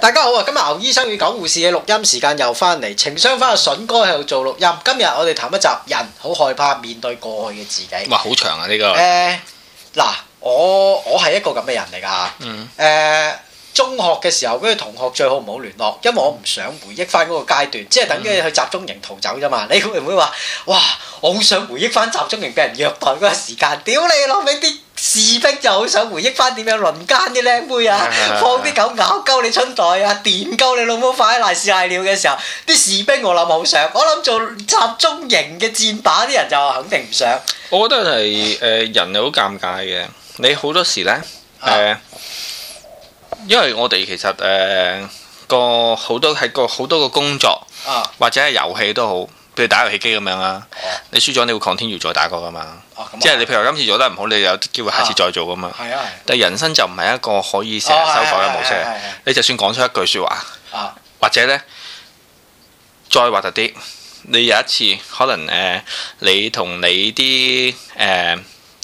大家好啊！今日牛醫生與九護士嘅錄音時間又翻嚟，情商翻個筍哥喺度做錄音。今日我哋談一集人好害怕面對過去嘅自己。哇！好長啊呢、這個。誒嗱、呃，我我係一個咁嘅人嚟㗎。誒、嗯呃、中學嘅時候，跟、那、住、個、同學最好唔好聯絡，因為我唔想回憶翻嗰個階段，即係等於去集中營逃走啫嘛。嗯、你會唔會話哇？我好想回憶翻集中營畀人虐待嗰個時間，屌你老味啲。士兵就好想回憶翻點樣輪奸啲靚妹啊， 放啲狗咬鳩你春袋啊，電鳩你老母快啲瀨屎瀨尿嘅時候，啲士兵我諗冇想，我諗做集中營嘅戰霸啲人就肯定唔想。我覺得係、呃、人好尷尬嘅，你好多時呢，呃啊、因為我哋其實誒個好多係個好多個工作、啊、或者係遊戲都好。譬如打遊戲機咁樣啊、哦，你輸咗你會 continue 再打過㗎嘛。哦、即係你譬如今次做得唔好，你有機會下次再做㗎嘛。哦、但係人生就唔係一個可以成日修改嘅模式。哦、你就算講出一句説話，哦、或者呢，再核突啲，你有一次可能誒、呃，你同你啲誒、呃，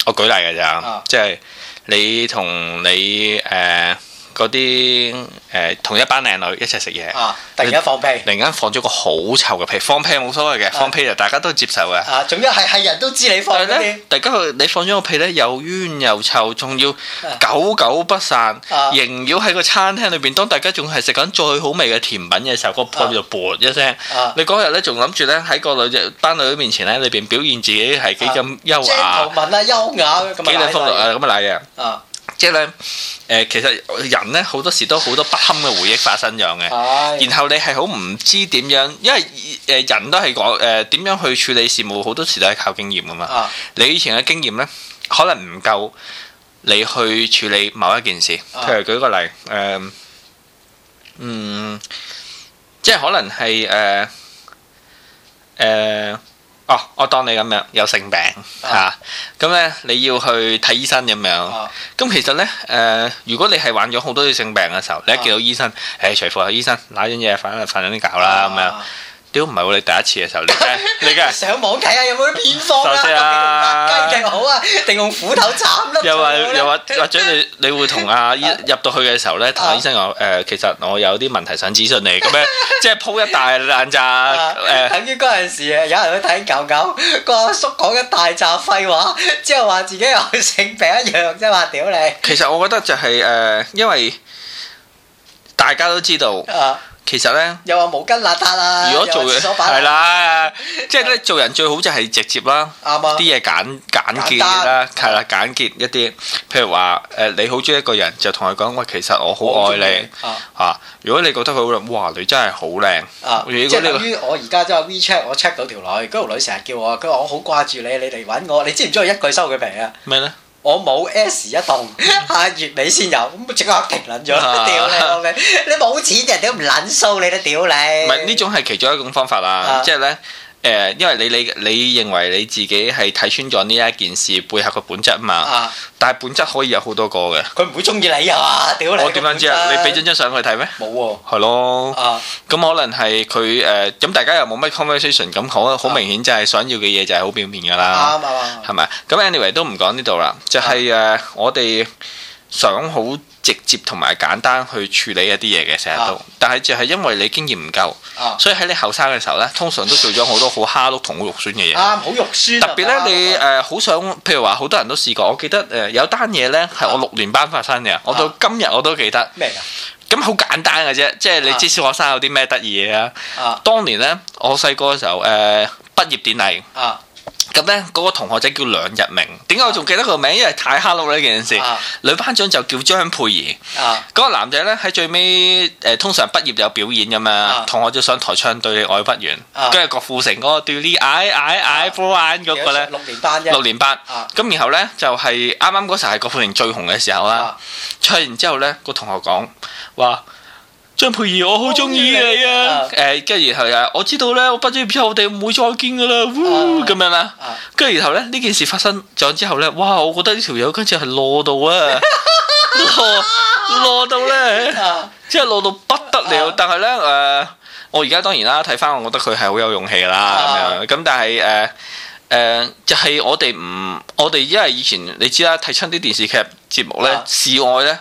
我舉例㗎咋，哦、即係你同你誒。呃嗰啲誒同一班靚女一齊食嘢，突然間放屁，突然間放咗個好臭嘅屁，放屁冇所謂嘅，放屁就大家都接受嘅。啊，仲要係係人都知你放屁。但係咧，大家你放咗個屁咧，又冤又臭，仲要久久不散，縈繞喺個餐廳裏邊。當大家仲係食緊最好味嘅甜品嘅時候，個屁就噗一聲。你嗰日咧仲諗住咧喺個女隻班女仔面前咧，裏邊表現自己係幾咁優雅，頭文啊優雅，幾靚風度啊咁嘅禮啊。即係咧，誒、呃，其實人咧好多時都好多不堪嘅回憶發生咗嘅，的然後你係好唔知點樣，因為誒、呃、人都係講誒點樣去處理事務，好多時都係靠經驗噶嘛。啊、你以前嘅經驗咧，可能唔夠你去處理某一件事。啊、譬如舉個例，誒、呃，嗯，即係可能係誒，誒、呃。呃哦，我當你咁樣有性病嚇，咁咧、啊啊、你要去睇醫生咁樣。咁、啊啊、其實咧，誒、呃，如果你係患咗好多啲性病嘅時候，你一見到醫生，誒、啊欸，隨服下醫生，攋張嘢瞓瞓兩啲覺啦咁樣。啊。屌唔係我哋第一次嘅時候，你嘅你嘅上網睇下有冇啲偏方啊？雞翼好啊，定用斧頭斬啦？又話又話或者你會同阿醫入到去嘅時候咧，同阿醫生講誒，其實我有啲問題想諮詢你咁樣，即係鋪一大攤咋誒？等於嗰陣時啊，有人去睇狗狗，個阿叔講一大扎廢話，之後話自己有性病一樣，即係話屌你。其實我覺得就係、是、誒、呃，因為大家都知道。啊。其實咧，又話毛巾邋遢啊！如果做嘅係啦，即係咧做人最好就係直接啦。啱啲嘢，簡簡潔啦，係啦，簡潔一啲。譬如話誒，你好中意一個人，就同佢講喂，其實我好愛你啊。如果你覺得佢好哇，你真係好靚啊！即係由於我而家即係 WeChat，我 check 到條女，嗰條女成日叫我，佢話我好掛住你，你嚟搵我。你知唔知意一句收佢皮啊？咩咧？我冇 S 一棟，下月尾先有，咁即刻停撚咗，屌 你老味！你冇錢，人哋都唔撚收你都屌你。唔係，呢種係其中一種方法啦，即係咧。誒，因為你你你認為你自己係睇穿咗呢一件事背後嘅本質啊嘛，啊但係本質可以有好多個嘅。佢唔會中意你呀？你我點樣知張啊？你俾咗張相佢睇咩？冇喎，係咯。咁、啊啊、可能係佢誒，咁、啊、大家又冇乜 conversation，咁好好明顯就係想要嘅嘢就係好表面噶啦。啱係咪？咁、啊啊、anyway 都唔講呢度啦，就係、是、誒、啊，啊、我哋想好。直接同埋簡單去處理一啲嘢嘅，成日都，但係就係因為你經驗唔夠，啊、所以喺你後生嘅時候呢，通常都做咗好多好蝦碌同好肉酸嘅嘢。啊，好肉酸、啊！特別呢，啊、你誒好、呃、想，譬如話好多人都試過，我記得誒、呃、有單嘢呢係我六年班發生嘅，啊、我到今日我都記得。咩？咁好簡單嘅啫，即係你知小學生有啲咩得意嘢呀。啊，當年呢，我細個嘅時候誒、呃、畢業典禮、啊咁呢，嗰個同學仔叫梁日明，點解我仲記得佢個名？因為太 hello 呢件事，女班長就叫張佩儀，嗰、啊、個男仔呢，喺最尾誒，通常畢業有表演噶嘛，啊、同學就上台唱對你愛不完，跟住郭富城嗰個對呢 i i i for one 嗰個呢？六年班，六年班、啊。咁然後呢，就係啱啱嗰時係郭富城最紅嘅時候啦，唱完、啊、之後呢，個同學講話。張佩儀，我好中意你啊！誒，跟 住樂、呃、然後又，我知道咧，我畢咗業之後我哋唔會再見噶啦，咁、呃、 樣啦。跟住然後咧，呢件事發生咗之後咧，哇！我覺得呢條友跟住係落到啊， 落到咧，即係 落到不得了。 但係咧，誒、呃，我而家當然啦，睇翻我覺得佢係好有勇氣啦，咁樣。咁但係誒誒，就係、是、我哋唔，我哋因為以前你知啦，睇親啲電視劇。節目咧，示愛咧，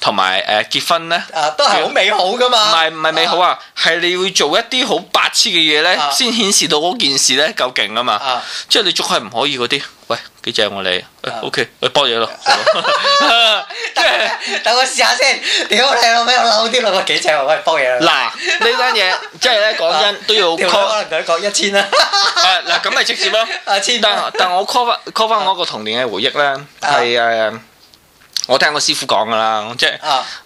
同埋誒結婚咧，都係好美好噶嘛。唔係唔係美好啊，係你會做一啲好白痴嘅嘢咧，先顯示到嗰件事咧夠勁啊嘛。即係你仲係唔可以嗰啲，喂幾正我你？OK，喂剝嘢咯，即係等我試下先。屌你老味，我好啲兩個幾正，喂剝嘢。嗱呢單嘢即係咧講真都要 call，佢一千啦。嗱咁咪直接咯。但但我 call 翻 call 翻我個童年嘅回憶咧，係啊。我聽我師傅講㗎啦，即係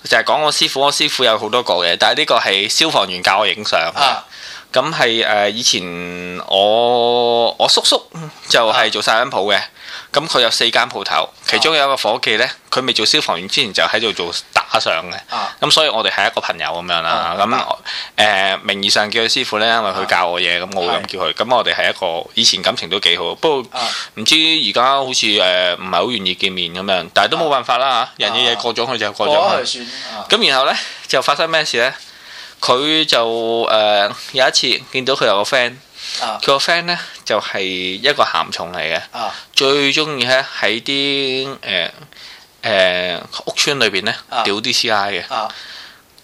就係講我師傅，我師傅有好多個嘅，但係呢個係消防員教我影相嘅。啊咁係誒，以前我我叔叔就係做曬相鋪嘅，咁佢、啊、有四間鋪頭，其中有一個伙計呢，佢未做消防員之前就喺度做打相嘅，咁、啊、所以我哋係一個朋友咁樣啦，咁誒名義上叫佢師傅呢，因為佢教我嘢，咁我會咁叫佢，咁是我哋係一個以前感情都幾好，不過唔知而家好似誒唔係好願意見面咁樣，但係都冇辦法啦，人嘅嘢過咗佢就過咗去，咁、啊、然後呢，就發生咩事呢？佢就誒、呃、有一次見到佢有個 friend，佢、啊、個 friend 咧就係、是、一個鹹蟲嚟嘅，啊、最中意咧喺啲誒誒屋村裏邊咧屌啲 C.I. 嘅，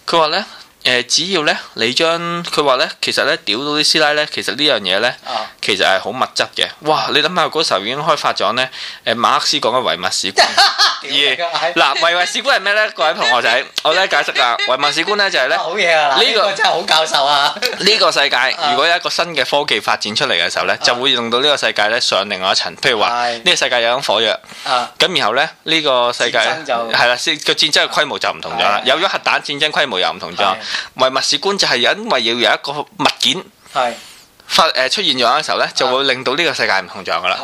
佢話咧。誒，只要咧你將佢話咧，其實咧屌到啲師奶咧，其實呢樣嘢咧，其實係好物質嘅。哇，你諗下嗰時候已經開發咗呢，誒，馬克思講嘅唯物史觀，咦 艙？嗱，唯唯史觀係咩咧？各位同學仔，我咧解釋啦，唯物史觀咧就係、是、咧，呢、這個、個真係好教授啊！呢個世界如果有一個新嘅科技發展出嚟嘅時候咧，就會用到呢個世界咧上另外一層。譬如話呢、uh、個世界有咗火藥，咁、uh、然後咧呢、這個世界係啦，個戰爭嘅規模就唔同咗啦。的有咗核彈，戰爭規模又唔同咗。Uh 唯物史觀就係、是、因為要有一個物件，係發誒出現咗嘅時候咧，就會令到呢個世界唔同咗噶啦。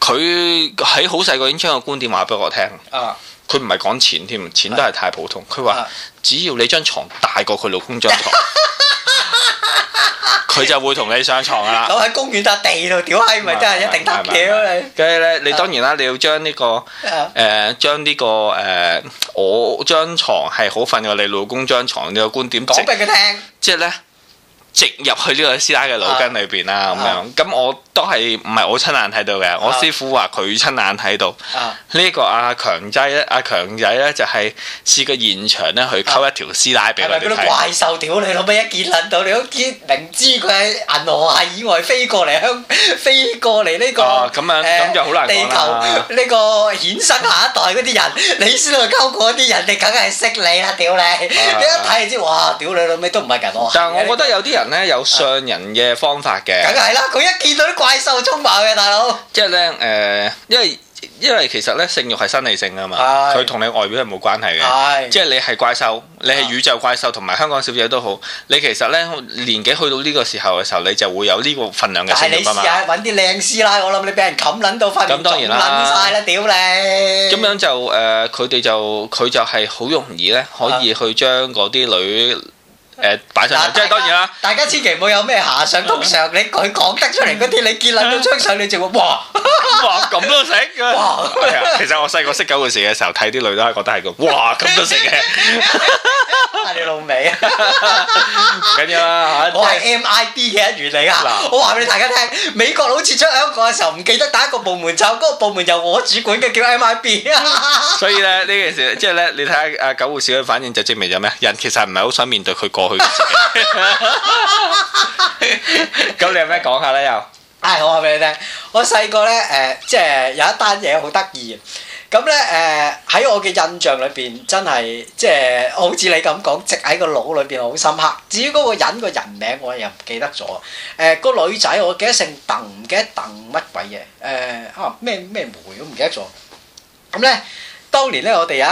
佢喺好細個已經將個觀點話俾我聽，啊，佢唔係講錢添，錢都係太普通。佢話只要你張床大過佢老公張床。 佢 就會同你上床噶啦， 坐喺公園笪地度屌閪，咪真係一定得屌你。所以咧，你當然啦，啊、你要將呢、這個誒，將、呃、呢、這個誒、呃，我張床係好瞓過你老公張床呢個觀點，講俾佢聽。即係咧。直入去呢個師奶嘅腦筋裏邊啦，咁、啊、樣咁我都係唔係我親眼睇到嘅，我師傅話佢親眼睇到。呢個阿強仔咧，阿、啊、強仔咧就係試個現場咧，去溝一條師奶俾佢睇，怪獸屌你老味，一見到你都知，明知佢喺銀河系以外飛過嚟香飛過嚟呢、這個誒、啊、地球呢、這個衍生下一代嗰啲人，、啊、人，你先去溝嗰啲人，你梗係識你啦屌你！啊、你一睇就知，哇！屌你老味都唔係咁多。但係我覺得有啲人。人咧有上人嘅方法嘅，梗係啦！佢一見到啲怪獸沖埋嘅大佬。即係咧，誒，因為因為其實咧，性欲係生理性啊嘛，佢同、哎、你外表係冇關係嘅。係、哎，即係你係怪獸，你係宇宙怪獸，同埋香港小姐都好。你其實咧年紀去到呢個時候嘅時候，你就會有呢個份量嘅性慾翻嘛。但係你試下揾啲靚師奶，我諗你俾人冚撚到翻咁當然啦！晒啦，屌你！咁樣就誒，佢、呃、哋就佢就係好容易咧，可以去將嗰啲女。誒、擺、欸、上嚟，即係當然啦。大家千祈冇有咩下上，通常你佢講得出嚟嗰啲，你見曬嗰張相，你就會哇哇咁都食嘅。其實我細個識狗護士嘅時候，睇啲女都係覺得係個哇咁都食嘅。你老味 啊，緊張。我係 M I B 嘅一員嚟噶。喬我話俾大家聽，美國佬撤出香港嘅時候，唔記得打一個部門籌，嗰個，個部門由我主管嘅，叫 M I B。啊！所以咧呢件事，即係咧，就是、你睇下阿狗護士嘅反應，就證明咗咩？人其實唔係好想面對佢過。咁 你有咩講下呢？又、哎，唉，我話俾你聽，我細個、呃就是、呢，誒、呃，即係有一單嘢好得意。咁呢，誒，喺我嘅印象裏邊，真係即係好似你咁講，直喺個腦裏邊好深刻。至於嗰個人個人名，我又唔記得咗。誒、呃，個女仔我記得姓鄧，唔記得鄧乜鬼嘢。咩咩梅都唔記得咗。咁、啊、呢、嗯，當年呢，我哋有一。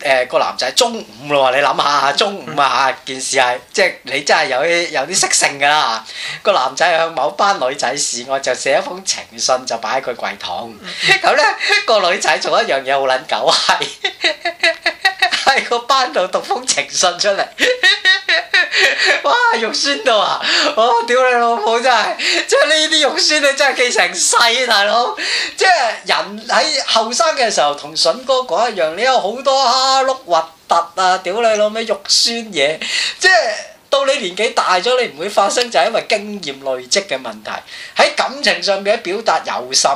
誒個、呃、男仔中午咯喎，你諗下，中午啊件事係，即係你真係有啲有啲色性㗎啦嚇。個男仔向某班女仔示愛，就寫一封情信就擺喺佢櫃桶。咁呢，個女仔做一樣嘢好撚狗係，係個 班度讀封情信出嚟。哇！肉酸到啊！我屌你老母真係，即係呢啲肉酸你真係記成世大佬，即係人喺後生嘅時候同筍哥講一樣，你有好多蝦碌核突啊！屌你老味肉酸嘢，即係到你年紀大咗，你唔會發生就係因為經驗累積嘅問題。喺感情上面嘅表達有心，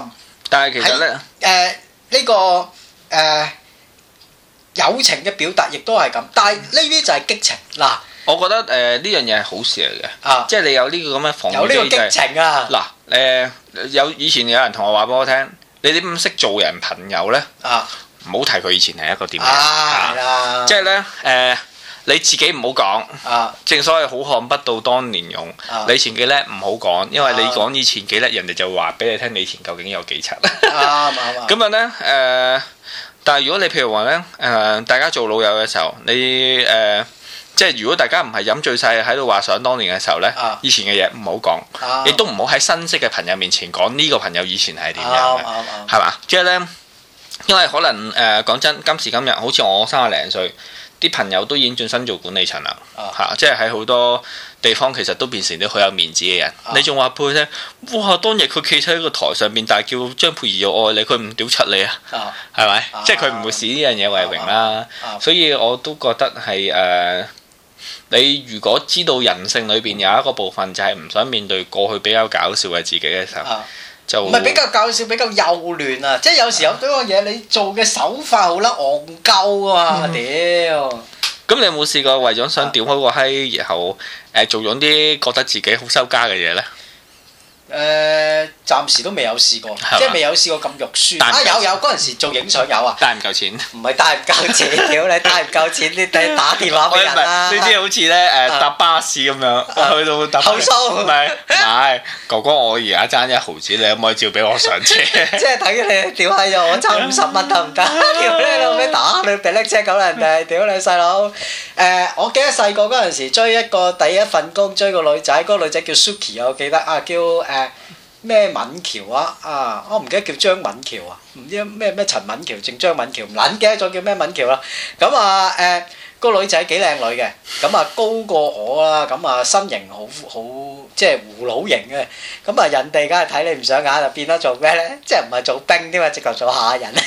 但係其實呢，誒呢個誒友情嘅表達亦都係咁，但係呢啲就係激情嗱。我覺得誒呢樣嘢係好事嚟嘅，即係你有呢個咁嘅防備機制有呢個激情啊！嗱，誒有以前有人同我話俾我聽，你點唔識做人朋友咧？啊，唔好提佢以前係一個點樣。係啦。即係咧，誒你自己唔好講。啊。正所謂好漢不到當年勇，你前幾叻唔好講，因為你講以前幾叻，人哋就話俾你聽你前究竟有幾柒。啱啱。咁樣咧，誒，但係如果你譬如話咧，誒大家做老友嘅時候，你誒。即係如果大家唔係飲醉晒，喺度話想當年嘅時候呢，以前嘅嘢唔好講，亦都唔好喺新識嘅朋友面前講呢個朋友以前係點樣嘅，係嘛？即係呢？因為可能誒講真，今時今日好似我三廿零歲，啲朋友都已經轉身做管理層啦，即係喺好多地方其實都變成啲好有面子嘅人。你仲話畀佢聽？哇！當日佢企出喺個台上面，但係叫張佩儀又愛你，佢唔屌出你啊，係咪？即係佢唔會視呢樣嘢為榮啦。所以我都覺得係誒。你如果知道人性裏邊有一個部分就係唔想面對過去比較搞笑嘅自己嘅時候，啊、就唔會係比較搞笑，比較幼嫩啊！即係有時候對個嘢，你做嘅手法好啦，戇鳩啊！屌、嗯！咁、啊、你有冇試過為咗想屌開個閪，啊、然後誒做咗啲覺得自己好羞家嘅嘢呢？誒，暫時都未有試過，即係未有試過咁肉酸。但係有有嗰陣時做影相有啊。帶唔夠錢。唔係，帶唔夠錢屌你，帶唔夠錢你得打電話俾人啦。你知好似咧，誒搭巴士咁樣去到搭，唔係，但係哥哥我而家爭一毫子，你可唔可以照俾我上車？即係睇你屌閪咗，我爭五十蚊得唔得？屌你老味，打你地叻車狗嚟㗎，屌你細佬！誒，我記得細個嗰陣時追一個第一份工追個女仔，嗰女仔叫 Suki，我記得啊，叫誒。咩敏喬啊啊！我唔記得叫張敏喬啊，唔知咩咩陳敏喬，定張敏喬，唔撚記得咗叫咩敏喬啦，啊。咁啊誒。欸個女仔幾靚女嘅，咁啊高過我啦，咁啊身形好好，即係葫蘆型嘅，咁啊人哋梗係睇你唔上眼就，變得做咩呢？即係唔係做兵添嘛？直頭做下人啦，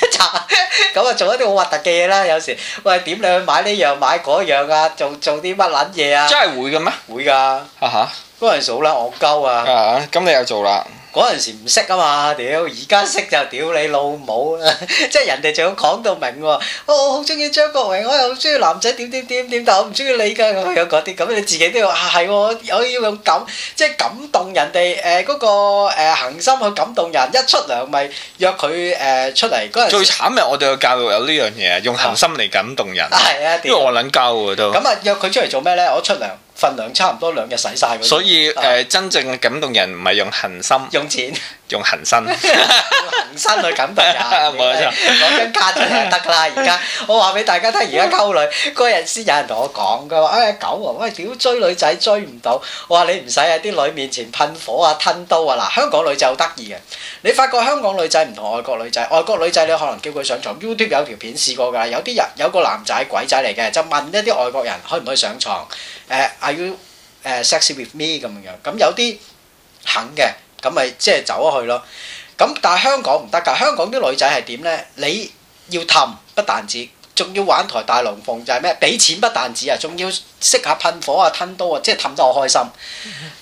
咁啊做一啲好核突嘅嘢啦，有時喂點你去買呢樣買嗰樣啊？做做啲乜撚嘢啊？真係會嘅咩？會㗎。嚇嚇。幫人數啦，戇鳩啊！啊，咁你又做啦？嗰陣時唔識啊嘛，屌！而家識就屌你老母， 即係人哋仲要講到明喎，哦哦。我好中意張國榮，我又好中意男仔點點點點，但我唔中意你㗎咁樣嗰啲。咁你自己都要係喎，又、啊哦、要用感，即係感動人哋。誒、呃、嗰、那個誒恆、呃、心去感動人，一出糧咪約佢誒、呃、出嚟嗰陣。最慘係我哋嘅教育有呢樣嘢，用恆心嚟感動人。啊，係啊，啊啊因為我撚教嘅都。咁啊，約佢出嚟做咩呢？我出糧。份量差唔多兩日洗晒，所以誒，呃，嗯，真正嘅感動人唔係用恆心，用錢。用恆生，恆生去揼佢啊！冇錯，攞張卡出嚟得㗎啦！而家我話俾大家聽，而家溝女嗰日先有人同我講，佢話，哎，狗啊，喂，屌追女仔追唔到。我話你唔使喺啲女面前噴火啊、吞刀啊！嗱，香港女仔好得意嘅。你發覺香港女仔唔同外國女仔，外國女仔你可能叫佢上牀，YouTube 有條片試過㗎。有啲人有個男仔鬼仔嚟嘅，就問一啲外國人，可唔可以上牀？誒，Are you 誒 sexy with me 咁樣？咁有啲肯嘅。咁咪即係走咗去咯，咁但係香港唔得㗎，香港啲女仔係點咧？你要氹不單止，仲要玩台大龍鳳就係咩？俾錢不單止啊，仲要識下噴火啊、吞刀啊，即係氹得我開心。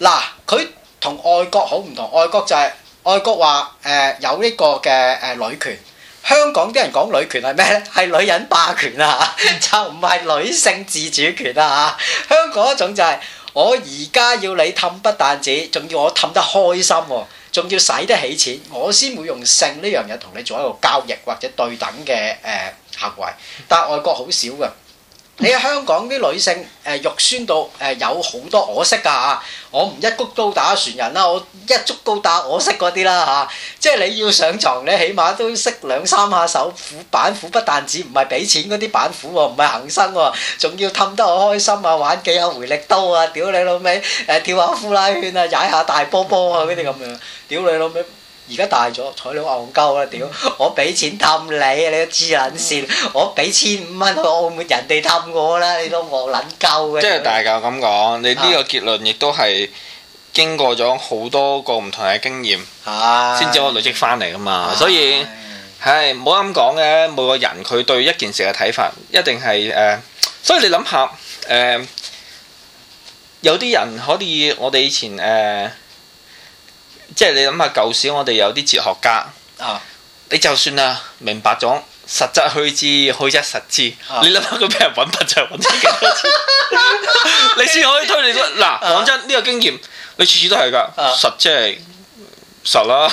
嗱，佢同外國好唔同，外國就係外國話誒有呢個嘅誒女權，香港啲人講女權係咩咧？係女人霸權啊，就唔係女性自主權啦啊！香港一種就係。我而家要你氹不但止，仲要我氹得開心喎，啊，仲要使得起錢，我先會用性呢樣嘢同你做一個交易，或者對等嘅誒行為，但係外國好少嘅。你喺香港啲女性誒肉酸到誒，有好多我識㗎嚇，我唔一谷高打船人啦，我一足高打我識嗰啲啦嚇，即係你要上牀咧，你起碼都識兩三下手斧板斧不但止，唔係俾錢嗰啲板斧喎，唔係恆生喎，仲要氹得我開心啊，玩幾下回力刀啊，屌你老味誒跳下呼啦圈啊，踩下大波波啊嗰啲咁樣，屌你老味！而家大咗，彩你戇鳩啦！屌，我俾錢氹你啊、嗯！你都知捻線，我俾千五蚊去澳門，人哋氹我啦！你都戇撚鳩。即係大教咁講，你呢個結論亦都係經過咗好多個唔同嘅經驗，先至可以累積翻嚟噶嘛。的所以，唔好咁講嘅，每個人佢對一件事嘅睇法，一定係誒、呃。所以你諗下誒，有啲人可以，我哋以前誒。呃即係你諗下舊時，我哋有啲哲學家，啊、你就算啦明白咗，實則虛之虛則實之，啊、你諗下佢俾人搵笨就係搵咗幾多次， 你先可以推理出嗱。講真，呢、呢個經驗你次次都係噶，實際、就是。實啦，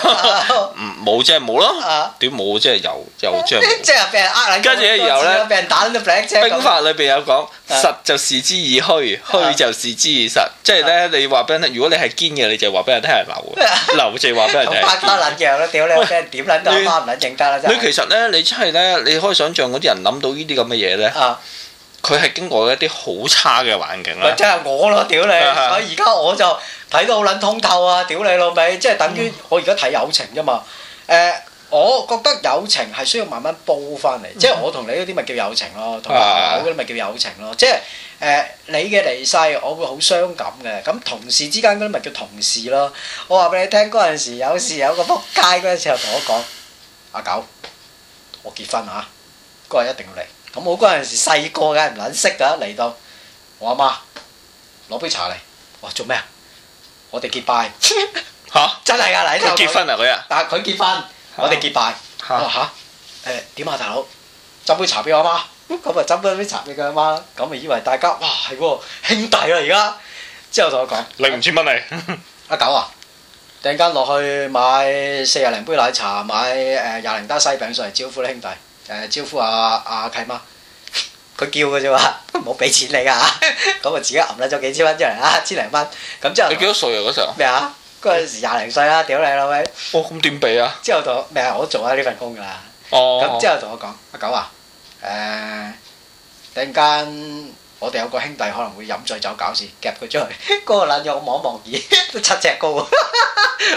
冇即係冇咯，點冇即係有，有即係冇。即係俾人呃撚，跟住咧又咧，俾人打到白車。兵法裏邊有講，實就視之以虛，虛就視之以實。即係咧，你話俾人聽，如果你係堅嘅，你就話俾人聽係流啊。流就話俾人聽係堅。百把撚嘅咯，屌你，俾人點撚就冇冇撚認得啦。你其實咧，你真係咧，你可以想象嗰啲人諗到依啲咁嘅嘢咧，佢係經過一啲好差嘅環境啦。即係我咯，屌你！我而家我就。睇到好撚通透啊！屌你老味，即係等於我而家睇友情啫嘛。誒、呃，我覺得友情係需要慢慢煲翻嚟，即係我同你嗰啲咪叫友情咯，同埋我嗰啲咪叫友情咯。即係誒，你嘅離世我會好傷感嘅。咁同事之間嗰啲咪叫同事咯。我話俾你聽，嗰陣時有時有個仆街嗰陣時候，又同我講：阿九，我結婚啊！嗰日一定要嚟。咁我嗰陣時細個嘅唔撚識㗎，嚟到我阿媽攞杯茶嚟，我話做咩啊？我哋結拜，嚇 真係㗎、啊，嗱你哋結婚啊佢啊，但係佢結婚， 我哋結拜嚇嚇，點、 欸、啊大佬斟杯茶俾我阿媽，咁啊斟杯茶俾佢阿媽，咁咪以為大家哇係喎、啊、兄弟啦而家，之後同我講零五千蚊嚟，阿九 啊，突然間落去買四廿零杯奶茶，買廿零單西餅，上嚟招呼啲兄弟，誒、呃、招呼阿阿契媽。佢叫嘅啫喎，唔好俾錢你㗎嚇，咁 啊自己揞甩咗幾千蚊出嚟啊，千零蚊，咁之後你幾多歲啊嗰時候？咩啊？嗰陣時廿零歲啦，屌你老味！哦，咁點俾啊？之後同，我，咩、哦、啊？我做啊呢份工㗎啦。哦。咁之後同我講，阿狗啊，誒，突然間。我哋有個兄弟可能會飲醉酒搞事，夾佢出去。嗰、嗰個撚我望望，咦，都七尺高，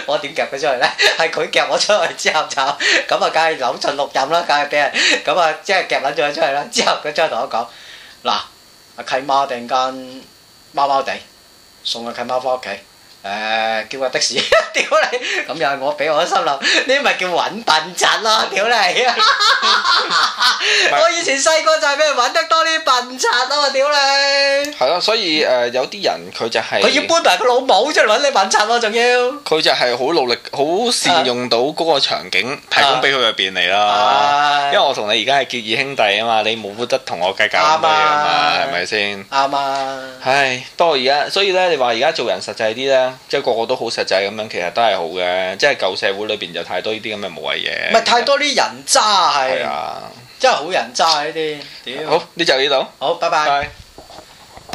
我點夾佢出去呢？係佢夾我出去。之後就咁啊，梗係扭盡六壬啦，梗係俾人咁啊，即係夾撚咗佢出去啦。之後佢真係同我講：嗱，契媽突然間貓貓哋，送個契媽翻屋企。誒叫個的士，屌 你！咁又係我俾我心諗，呢咪叫揾笨賊咯，屌你！我以前細個就係俾人揾得多啲笨賊咯，屌你！係咯，所以誒、呃、有啲人佢就係、是、佢要搬埋個老母出嚟揾你笨賊咯，仲要佢就係好努力，好善用到嗰個場景 提供俾佢嘅便利啦。 因為我同你而家係結義兄弟啊嘛，你冇得同我計較啱啲嘢係咪先？啱啊麼！唉吧，不過而家，所以呢，你話而家做人實際啲呢？即係個個都好實際咁樣，其實都係好嘅。即係舊社會裏邊有太多呢啲咁嘅無謂嘢，唔係太多啲人渣係，啊真係好人渣呢啲。 好，呢就呢度。好，拜拜。